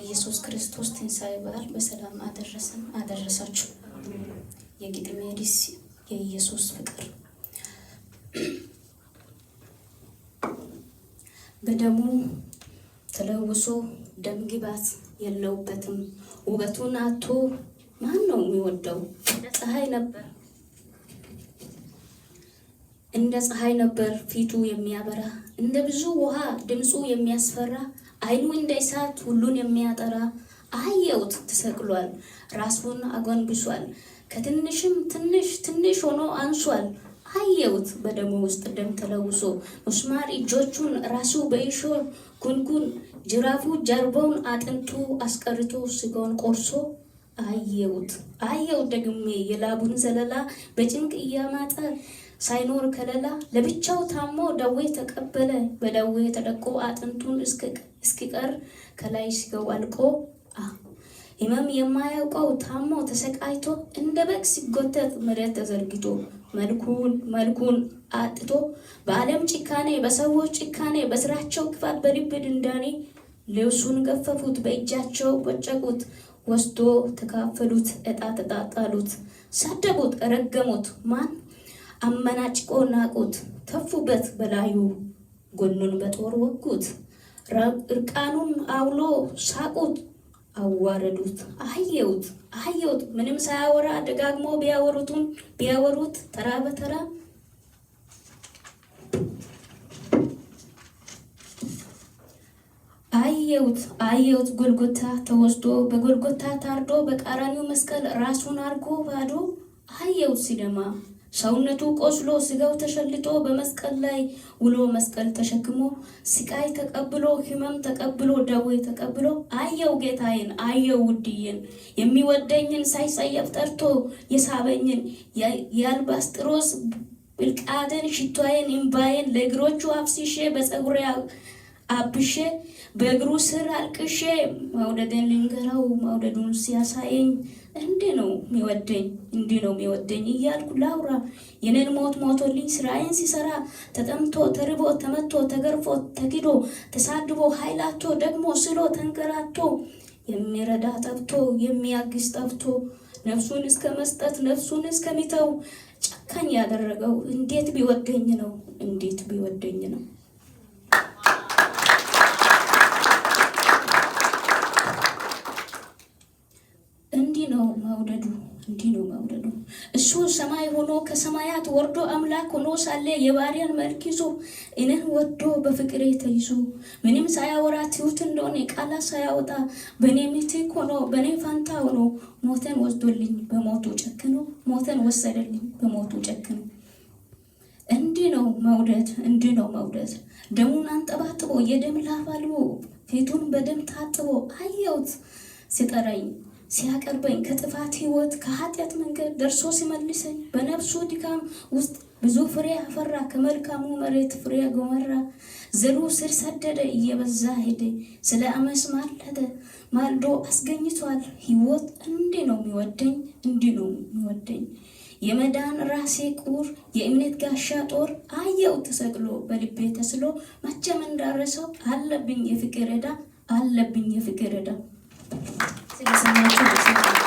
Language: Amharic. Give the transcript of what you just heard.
የኢየሱስ ክርስቶስ ትንሣኤ በዓል በሰላም አደረሰን አደረሳችሁ። የጌጥሜሪስ የኢየሱስ ፍቅር በደሙ ተለውሶ ደም ግባት የለውበትም። ውበቱን አቶ ማን ነው የሚወደው? ፀሐይ ነበር እንደ ፀሐይ ነበር ፊቱ የሚያበራ፣ እንደ ብዙ ውሃ ድምፁ የሚያስፈራ፣ አይኑ እንደ እሳት ሁሉን የሚያጠራ። አየሁት ተሰቅሏል፣ ራሱን አጎንብሷል፣ ከትንሽም ትንሽ ትንሽ ሆኖ አንሷል። አየሁት በደሙ ውስጥ ደም ተለውሶ ምስማር እጆቹን ራሱ በእሾህ ጉንጉን፣ ጅራፉ ጀርባውን አጥንቱ አስቀርቶ ስጋውን ቆርሶ አየውት አየውት ደግሜ የላቡን ዘለላ በጭንቅ እያማጠ ሳይኖር ከለላ ለብቻው ታሞ ደዌ ተቀበለ በደዌ ተደቆ አጥንቱን እስኪቀር ከላይ ሲገው አልቆ ህመም የማያውቀው ታሞ ተሰቃይቶ እንደ በግ ሲጎተት መሬት ተዘርግቶ መልኩን መልኩን አጥቶ በዓለም ጭካኔ በሰዎች ጭካኔ በስራቸው ክፋት በልብ ድንዳኔ ልብሱን ገፈፉት በእጃቸው ቦጨቁት ወስዶ ተካፈሉት፣ እጣ ተጣጣሉት፣ ሳደቡት፣ ረገሙት። ማን አመናጭቆ ናቁት፣ ተፉበት በላዩ ጎኑን በጦር ወጉት፣ እርቃኑን አውሎ ሳቁት፣ አዋረዱት። አህየውት አህየውት ምንም ሳያወራ ደጋግሞ ቢያወሩቱን ቢያወሩት ተራ በተራ አየሁት አየሁት ጎልጎታ ተወስዶ በጎልጎታ ታርዶ በቀራኒው መስቀል ራሱን አርጎ ባዶ አየሁት ሲደማ ሰውነቱ ቆስሎ ስጋው ተሸልጦ በመስቀል ላይ ውሎ መስቀል ተሸክሞ ስቃይ ተቀብሎ ህመም ተቀብሎ ደዌ ተቀብሎ አየው ጌታዬን አየው ውድዬን የሚወደኝን ሳይጸየፍ ጠርቶ የሳበኝን የአልባስጥሮስ ብልቃደን ሽቷዬን እምባዬን ለእግሮቹ አፍሲሼ በፀጉሬ አብሼ በእግሩ ስር አልቅሼ መውደድን ልንገረው መውደዱን ሲያሳየኝ እንዲህ ነው የሚወደኝ እንዲህ ነው የሚወደኝ እያልኩ ላውራ የኔን ሞት ሞቶልኝ ስራዬን ሲሰራ ተጠምቶ ተርቦ ተመቶ ተገርፎ ተኪዶ ተሳድቦ ኃይላቶ ደግሞ ስሎ ተንከራቶ የሚረዳ ጠብቶ የሚያግዝ ጠብቶ ነፍሱን እስከ መስጠት ነፍሱን እስከሚተው ጨካኝ ያደረገው እንዴት ቢወደኝ ነው እንዴት ቢወደኝ ነው። ምንድን ነው? እሱ ሰማይ ሆኖ ከሰማያት ወርዶ አምላክ ሆኖ ሳለ የባሪያን መልክ ይዞ እኔን ወዶ በፍቅሬ ተይዞ ምንም ሳያወራ ትሁት እንደሆነ ቃላ ሳያወጣ በእኔ ምትክ ሆኖ በእኔ ፋንታ ሆኖ ሞተን ወስዶልኝ በሞቱ ጨክኖ ሞተን ወሰደልኝ በሞቱ ጨክኖ። እንዲህ ነው መውደድ፣ እንዲህ ነው መውደድ። ደሙን አንጠባጥቦ የደም ላብ አልቦ ፊቱን በደም ታጥቦ አየሁት ሲጠራኝ ሲያቀርበኝ ከጥፋት ሕይወት ከኃጢአት መንገድ ደርሶ ሲመልሰኝ በነፍሱ ድካም ውስጥ ብዙ ፍሬ አፈራ። ከመልካሙ መሬት ፍሬ ጎመራ። ዘሩ ስር ሰደደ፣ እየበዛ ሄደ። ስለ አመስ ማለተ ማልዶ አስገኝቷል። ህይወት እንዲህ ነው የሚወደኝ፣ እንዲህ ነው የሚወደኝ። የመዳን ራሴ ቁር፣ የእምነት ጋሻ ጦር። አየው ተሰቅሎ በልቤ ተስሎ፣ መቼም እንዳረሰው አለብኝ የፍቅር ዕዳ፣ አለብኝ የፍቅር ዕዳ 这个香蕉是不是？